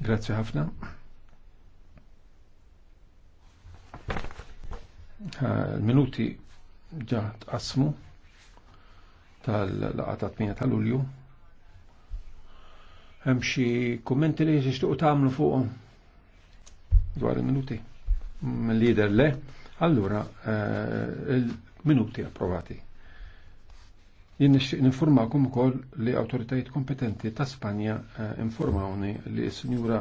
Grazzi ħafna. Minuti ġa tqasmu tal ta' 8 tal-Ulju. Hemm xi kummenti li jixtiequ tagħmlu fuqhom dwar il-minuti. Mill-lider le, allura eh, il-minuti approvati. Jien nixtieq ninformakom ukoll li awtoritajiet kompetenti ta' Spanja eh, informawni li s-Sinjura